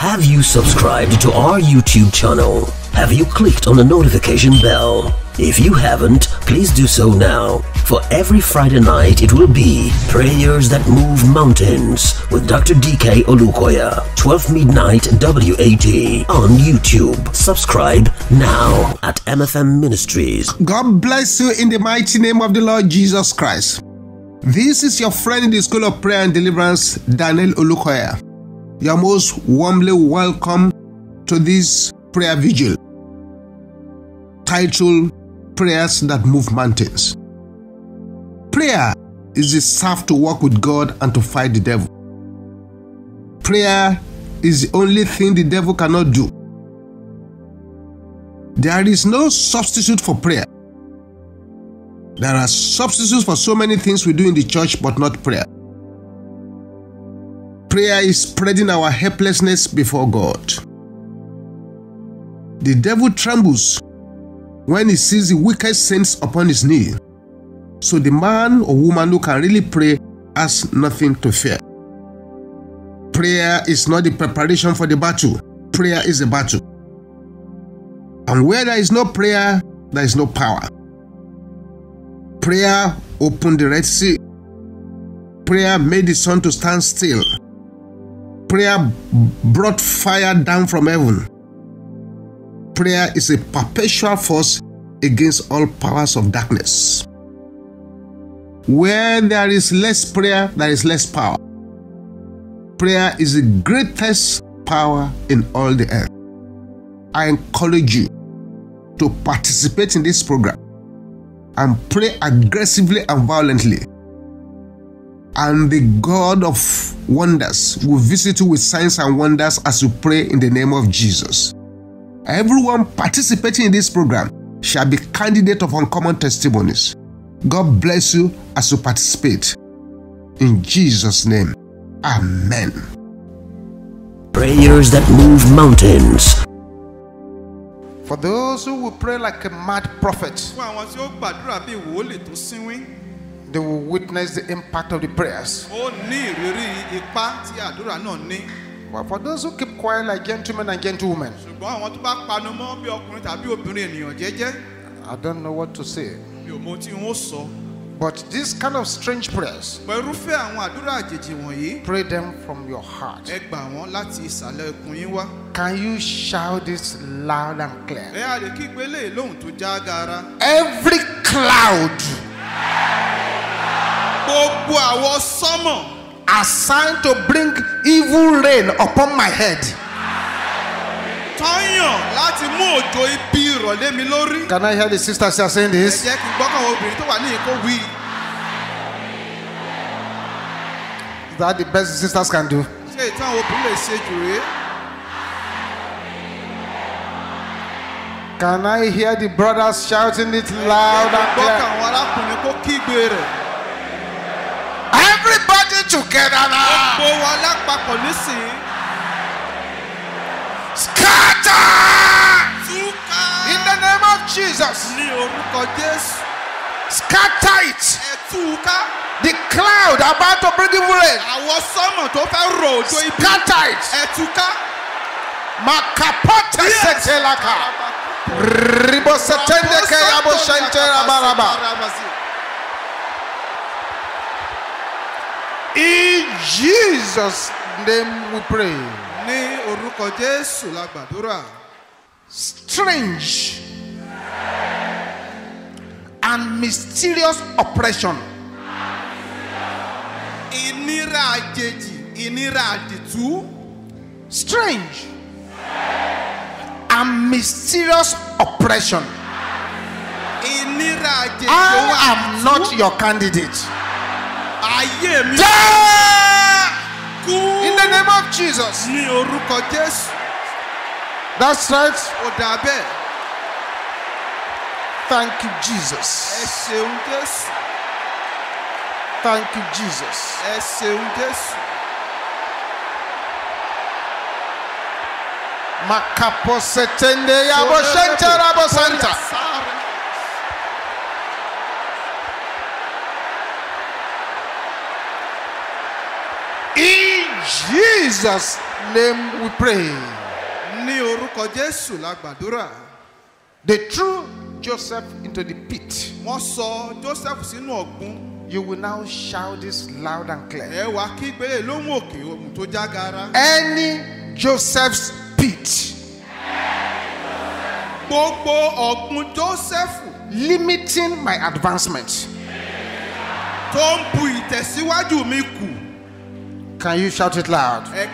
Have you subscribed to our YouTube channel? Have you clicked on the notification bell? If you haven't, please do so now. For every Friday night, it will be Prayers That Move Mountains with Dr. DK Olukoya, 12 midnight WAT on YouTube. Subscribe now at MFM Ministries. God bless you in the mighty name of the Lord Jesus Christ. This is your friend in the School of Prayer and Deliverance, Daniel Olukoya. You are most warmly welcome to this prayer vigil titled Prayers That Move Mountains. Prayer is the staff to work with God and to fight the devil. Prayer is the only thing the devil cannot do. There is no substitute for prayer. There are substitutes for so many things we do in the church, but not prayer prayer is spreading our helplessness before God. The devil trembles when he sees the wicked saints upon his knee. So the man or woman who can really pray has nothing to fear. Prayer is not the preparation for the battle. Prayer is the battle. And where there is no prayer, there is no power. Prayer opened the Red Sea. Prayer made the sun to stand still prayer brought fire down from heaven. Prayer is a perpetual force against all powers of darkness. Where there is less prayer, there is less power. Prayer is the greatest power in all the earth. I encourage you to participate in this program and pray aggressively and violently and the God of wonders will visit you with signs and wonders as you pray in the name of Jesus. Everyone participating in this program shall be candidate of uncommon testimonies. God bless you as you participate. In Jesus' name, Amen. Prayers that move mountains. For those who will pray like a mad prophet they will witness the impact of the prayers. But for those who keep quiet like gentlemen and gentlewomen, I don't know what to say. But these kind of strange prayers, pray them from your heart. Can you shout this loud and clear? Every cloud. gbogbo àwọn sọ́mọ̀. assigned to bring evil rain upon my head. tọ́yàn láti mú òjò ibi ìrọ̀lẹ́ mi lórí. can I hear the sisters say saying this. ẹ jẹ́ kí n gbọ́kàn obìnrin tó wà ní ìkó wí. is that the best sisters can do. ṣé ìtàn àwọn obìnrin lè ṣe jù rèé. Can I hear the brothers shouting it loud and clear? united together now. gbogbo wọn lápapọ̀ nísìnyí. scatter. túká. in the name of Jesus. ní scatter it. ẹ The cloud about to bring you rain. Àwọn sọ́mọ̀ tó fẹ́ rò ó Scatter it. Ẹ Makapote yes. setelaka. Ribosetende keyabo shente rabaraba. Yes. In Jesus' name we pray. Ní Strange and mysterious oppression. Ìnira àjèjì, ìnira Strange and mysterious oppression. I am not your candidate. Ayé mi. In the name of Jesus. Ní orúkọ Jésù. That's right. Ó dà bẹ́ẹ̀. Thank you, Jesus. Ẹ ṣeun Jésù. Thank you, Jesus. Ẹ ṣeun Jésù. Makaposetende yabo shentarabo santa. In Jesus' name we pray. Ní orúkọ Jésù la gbàdúrà. They threw Joseph into the pit. Wọ́n sọ Joseph sínú ọ̀gbun. You will now shout this loud and clear. Ẹ wá kí ìgbélé lóhùn òkè ohun tó já gara. Any Joseph's pit. Gbogbo ọ̀gbun Joseph. Limiting my advancement. Tó ń bu ìtẹ̀síwájú mi kù. Can you shout it loud? Clear away!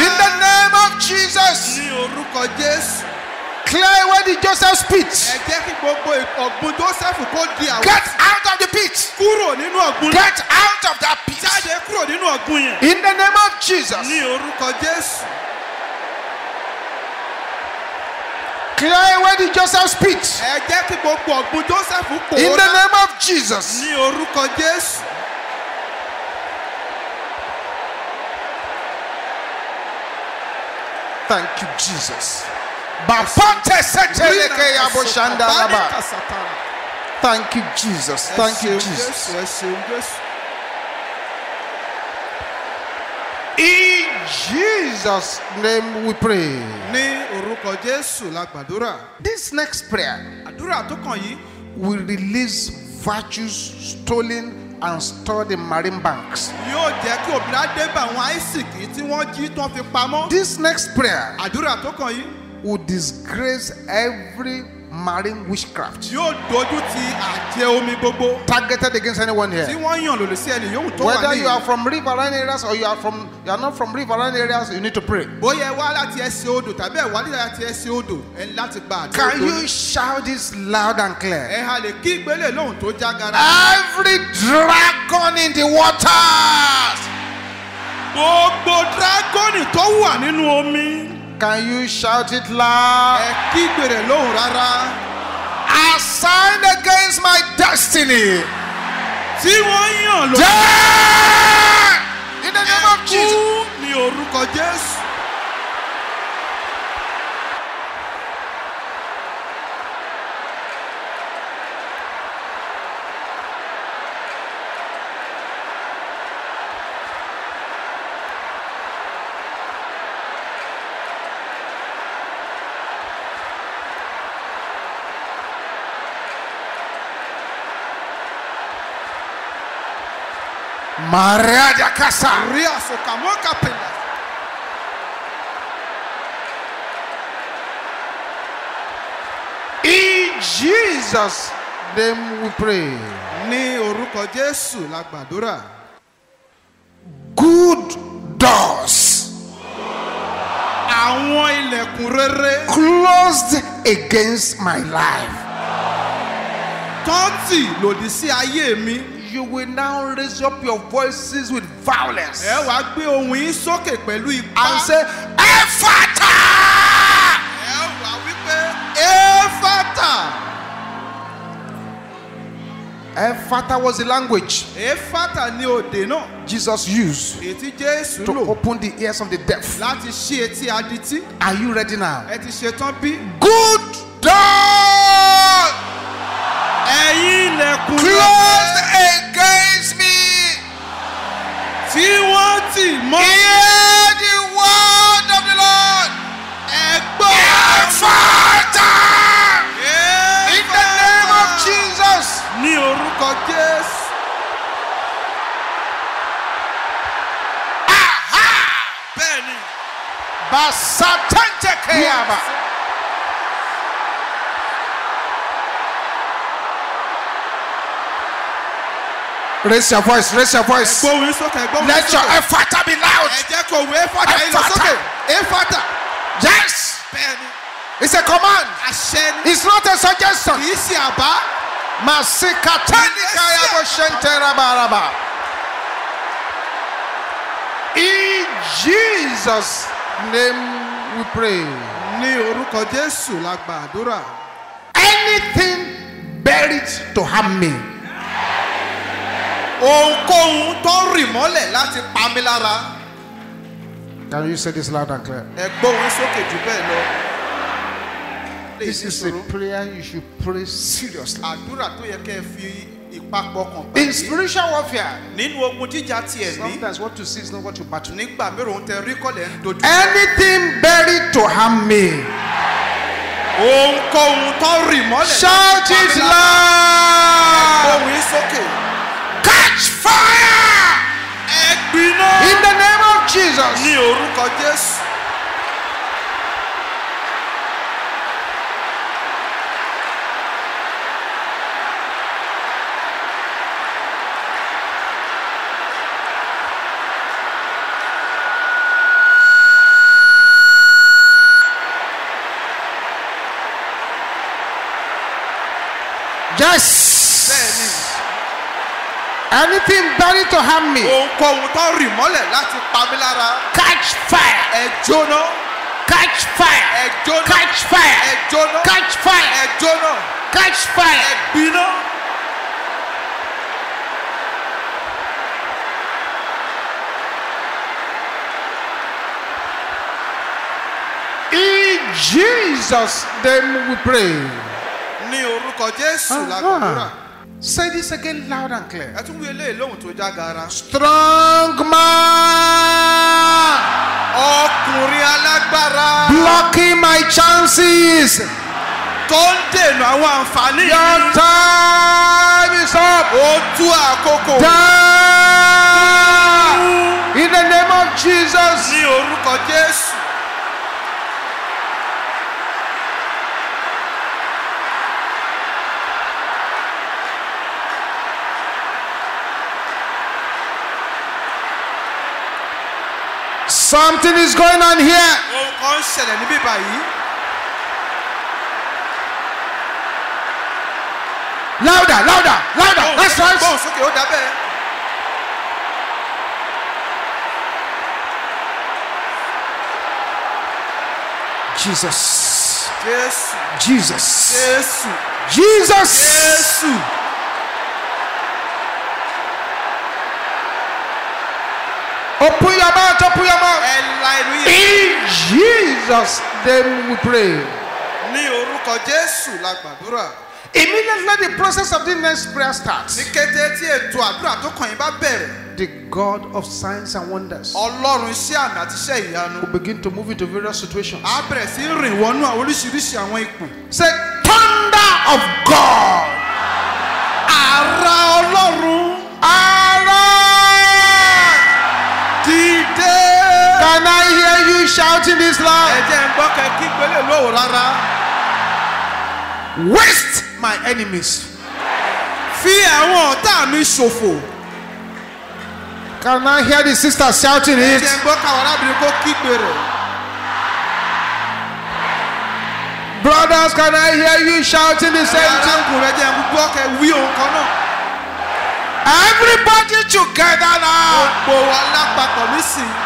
in the name of Jesus. Clear away the Joseph's pit. Get out of the pit. Get out of that pit. In the name of Jesus. Clear where did Joseph speak? In the name of Jesus. Thank you, Jesus. Thank you, Jesus. Thank you, Jesus. In Jesus' name we pray. This next prayer. Will release virtues stolen and stored in marine banks. This next prayer. Will disgrace every marine witchcraft. yóò dojú ti àjẹ omi gbogbo. targeted against anyone here. tí wọ́n yàn lòlù sí ẹni yòówù tó wà ní. whether you are from riverine areas or you are from you are not from riverine areas you need to pray. bóyá ẹ wá láti ẹsẹ̀ odò tàbí ẹ láti ẹsẹ̀ odò ẹ láti gba àdúrà. can you shout this loud and clear. ẹ halẹ̀ kí ìgbélé lóhùn tó já gara. every dragon in the waters. gbogbo dragoni tó wà nínú omi. Can you shout it loud? Ẹ kígbe rẹ̀ lóhùn rárá turned against my destiny. Tí wọ́n yàn lórí. Jẹ́! In the name of Jesus. orúkọ Jésù. Maraja kasa. Ria sokamoka penda. In Jesus name we pray. Ní orúkọ Jésù la gbàdúrà. Good doors. Àwọn ilẹ̀kùn rere. Closed against my life. Tọ́tì lòdì sí ayé mi you will now raise up your voices with violence. ẹ wàá gbé ohùn yín sókè pẹ̀lú ipá. and say efata. ẹ wàá wípé efata. Ephata was the language Jesus used to open the ears of the deaf. Aditi. Are you ready now? Go orúkọ Jésù. bẹ́ẹ̀ ni. basatẹ́jẹ̀ kẹ́yàmà. Raise your voice, raise your voice. Ẹgbọ́n sókè, ẹgbọ́n sókè. Let your effata be loud. Ẹ jẹ́ kó òwe effata yìí lọ sókè. Effata. Yes. Bẹ́ẹ̀ni. It's a command. Àṣẹ ni. It's not a suggestion. Kì í ṣe àbá. Masikatanika Yaboshenteraba. In Jesus' name we pray. Ní orúkọ Jésù la gba Anything buried to harm me. Ohunkóhun tó rì mọ́lẹ̀ láti pa mí lára. Can you say this loud and clear? Ẹ gbóhùn sókè jù bẹ́ẹ̀ lọ pray this is a prayer you should pray seriously. àdúrà tó yẹ kẹ́ fi ìpapọ̀ kan pàdé. in spiritual warfare. nínú ogun jíjà ti ẹ̀mí. sometimes what you see is not what you battle. nígbà mìíràn ohun tẹ rí kọ́lẹ̀ ń dojú. anything buried to harm me. ohunkóhun tó rì mọ́lẹ̀. shout it loud. ohun yìí sókè. catch fire. ẹ gbiná. in the name of Jesus. ní orúkọ Jésù. yes. anything buried to harm me. ohunkóhun tó rì mọ́lẹ̀ láti pa mí lára. catch fire. ẹ jóná. catch fire. ẹ jóná. catch fire. ẹ jóná. catch fire. ẹ jóná. catch fire. ẹ gbiná. In Jesus' name we pray ní orúkọ jésù la Say this again loud and clear. Ẹ tún wí eléyìí lóhùn tó jágara. Strong man. Ọkùnrin alágbára. Blocking my chances. Tó ń dènà àwọn àǹfààní Your time is up. Ó tú àkókò. Time. In the name of Jesus. Ní orúkọ Jésù. Something is going on here. Louder, louder, louder. Let's rise. Bọ́ọ̀ sókè ó Jesus. Jesus. Jesus. Jesus. Jesus. mouth, open your mouth. In Jesus' name we pray. Ní orúkọ Jésù la Immediately the process of the next prayer starts. the God of signs and wonders. Ọlọ́run We begin to move into various situations. A bẹ̀rẹ̀ sí rìn Say thunder of God. Can I hear you shouting this loud? Ẹ ń gbọ́ kẹ́ kí pélé lóò rárá. Waste my enemies. Fi àwọn ọ̀tá mi ṣòfò. Can I hear the sister shouting it? Ẹ ń gbọ́ káwọn arábìnrin kó kígbe rẹ̀. Brothers, can I hear you shouting the same thing? Arákùnrin ẹ̀jẹ̀ ń gbọ́ kẹ́ wí òun kan náà. Everybody together now. Gbogbo wa lápapọ̀ nísìnyí.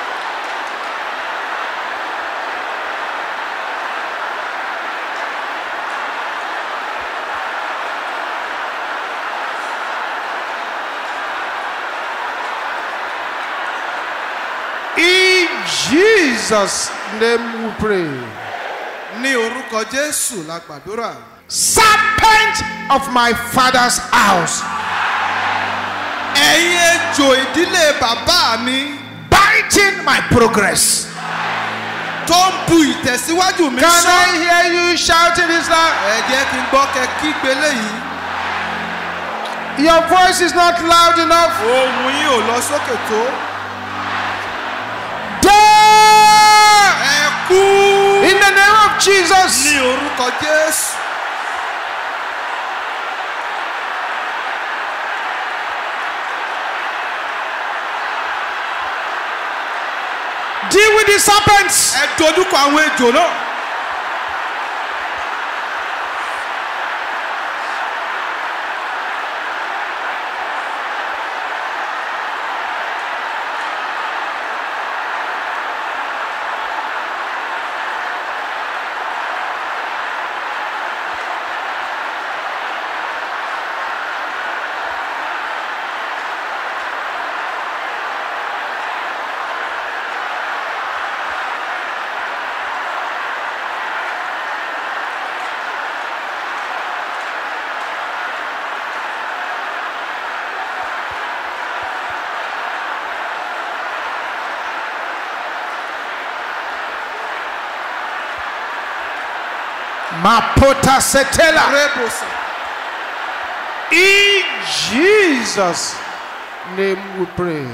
Jesus' name we pray. Ní orúkọ Jésù la gbàdúrà. Serpent of my father's house. Ẹ̀yin ejò ìdílé bàbá mi. Biting my progress. Tó ń bu ìtẹ̀síwájú mi sọ. Can I hear you shouting this loud? Ẹ kí n gbọ́ kẹ kígbe léyìí. Your voice is not loud enough. Ohùn yín ò lọ sókè tó. In the name of Jesus. Deal with the serpents. Mapota setela. In Jesus' name we pray.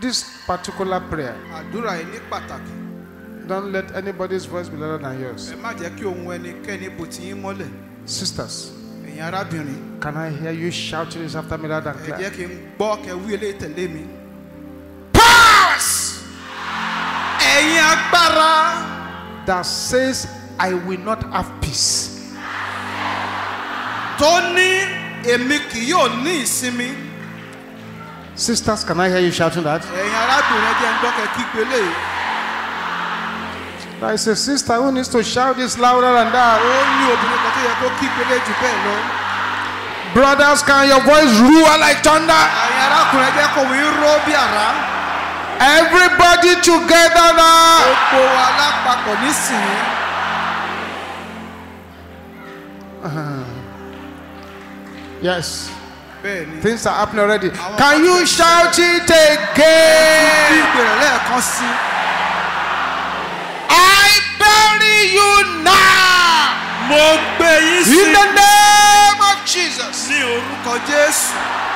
This particular prayer. pàtàkì. Don't let anybody's voice be louder than yours. Sisters. Can I hear you shouting this after me and clear? Pass! that says, I will not have peace. Tony ní èmi kì yóò Sisters, can I hear you shouting that? I say, jẹ́ ń gbọ́kẹ́ sister who needs to shout this louder than that. Brothers, can your voice roar like thunder? Everybody together now kò ní sìn yín. Uh-huh. Yes. Things are happening already. Can you shout it again? I bury you now. In the name of Jesus.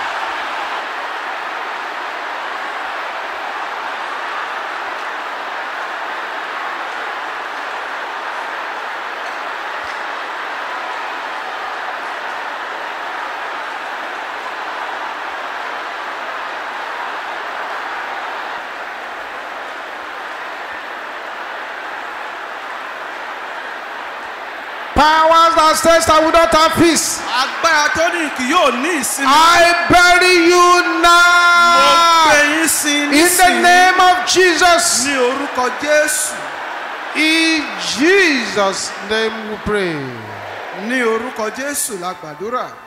powers that says I would not have peace. I bury you now. in the name of Jesus. in Jesus' name we pray.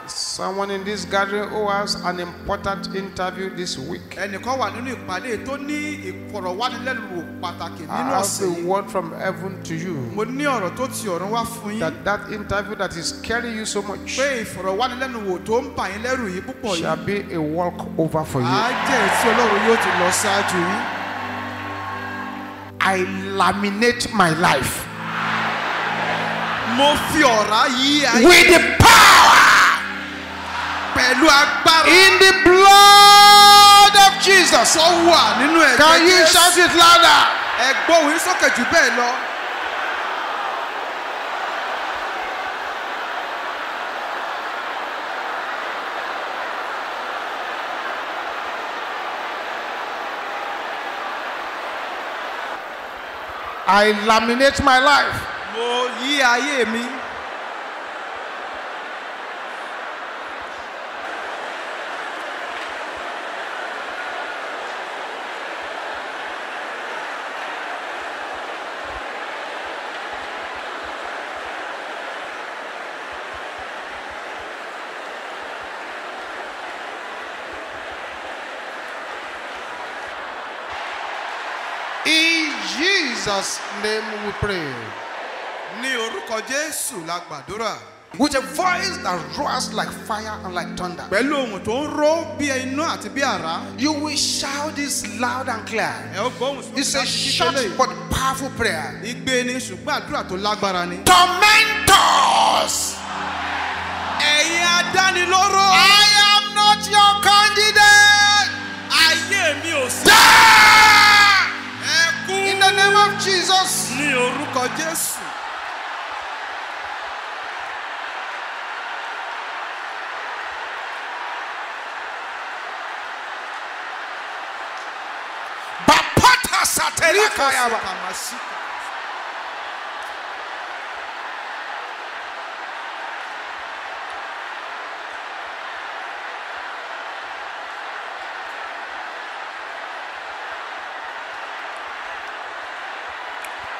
Someone in this gathering who has an important interview this week. I have a word from heaven to you. That that interview that is scaring you so much. Shall be a walk over for you. Á jẹ́ tí Ọlọ́run yóò ti lọ ṣáájú yín. I laminate my life. Mo fi ọ̀rá yí ayé. With the power. Pẹ̀lú agbára. In the blood of Jesus. Sọ wà nínú ẹ̀jẹ̀ Jésù. Can you shout it louder? Ẹ̀gbọ́n òun sókè jù bẹ́ẹ̀ lọ. I laminate my life. mo yí ayé mi. In Jesus' name we pray. orúkọ Jésù la gbàdúrà. With a voice that roars like fire and like thunder. Pẹ̀lú ohùn tó ń ró bí iná àti bí àrá. You will shout this loud and clear. Ẹ ó gbóhùn sókè It's a short but powerful prayer. Igbe ni ṣùgbọ́n àdúrà tó lágbára ni. Tormentors. Ẹ̀yin adánilóró. I am not your candidate. Ayé mi ò sí. Ẹ kú. In the name of Jesus. Ní orúkọ Jésù. kayaba.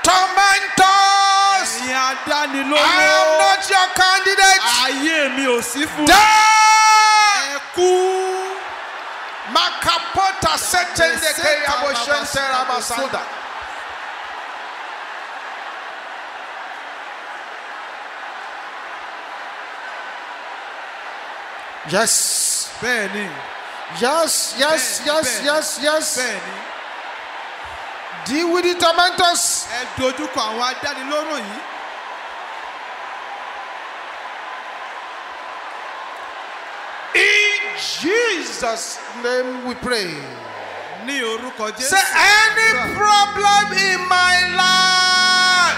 Tormentors. I am not your candidate. Ayé mi ò sí fún. Dẹ́. Ẹ̀kú. makapota setende keyaboshenterabasanda yes. bẹ́ẹ̀ni. yes yes yes yes yes. bẹ́ẹ̀ni. deal with the tormentors. ẹ dojúkọ àwọn adánilóró yìí. in Jesus name we pray. ní orúkọ Jésù. say any problem in my life.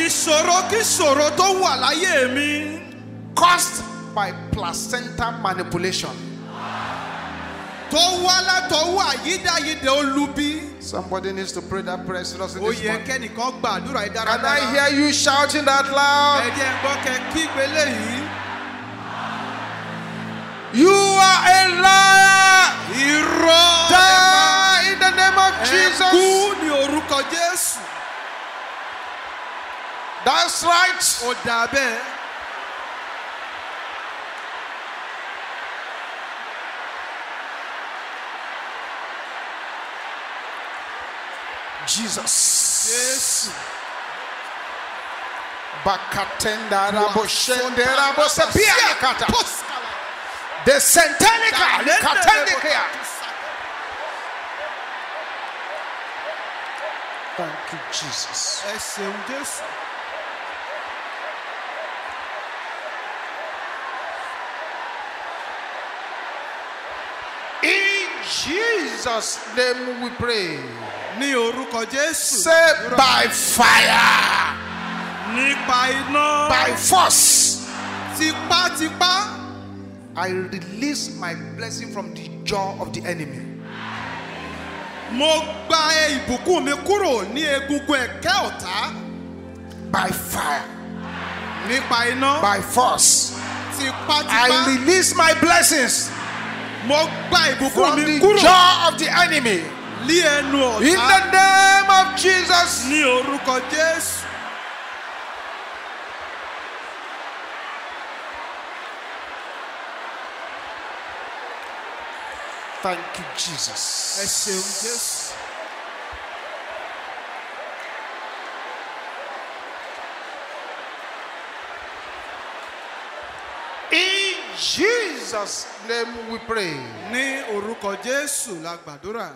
ìṣòro kí ìṣòro tó wà láyé mi. cost by placenta manipulation. Somebody needs to pray that prayer seriously. This morning. Can I hear you shouting that loud? You are a liar. Die in the name of Jesus. That's right. Jesus. Yes. Bakatenda raboshende rabosapia kata. The centenica, the catendica. Thank you, Jesus. Yes, In Jesus' name we pray. Ní orúkọ Jésù. Say by fire. Nípa iná. By force. Tipátipá. I release my blessing from the jaw of the enemy. Mo gba ìbùkún mi kúrò ní egungun ẹ̀kẹ́ ọ̀tá. By fire. Nípa iná. By force. Tipátipá. I release my blessings. Mo gba ìbùkún mi kúrò. From the jaw of the enemy. In the name of Jesus. Thank you, Jesus. In Jesus' name we pray. orúkọ Jésù